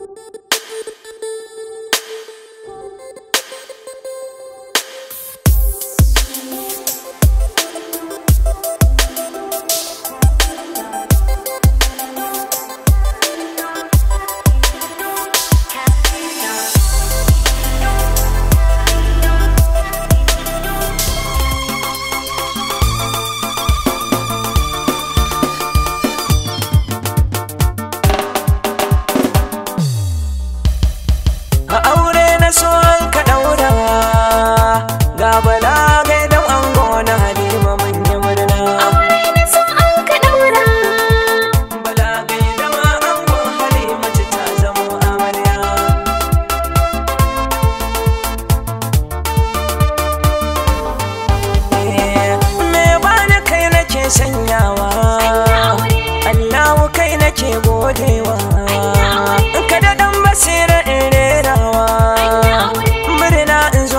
Thank you.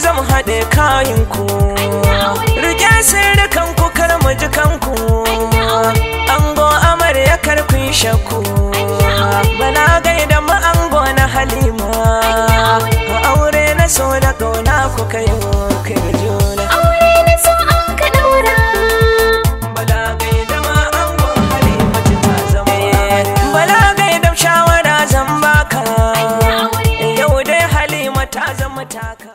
zan haɗe kayan ku sai sirrikan ku kar mu ji kanku ango amarya kar ku yi shakku bala gaida mu ango na halima a aure na so da kauna ku kai kai shawara zan baka dai halima ta zama taka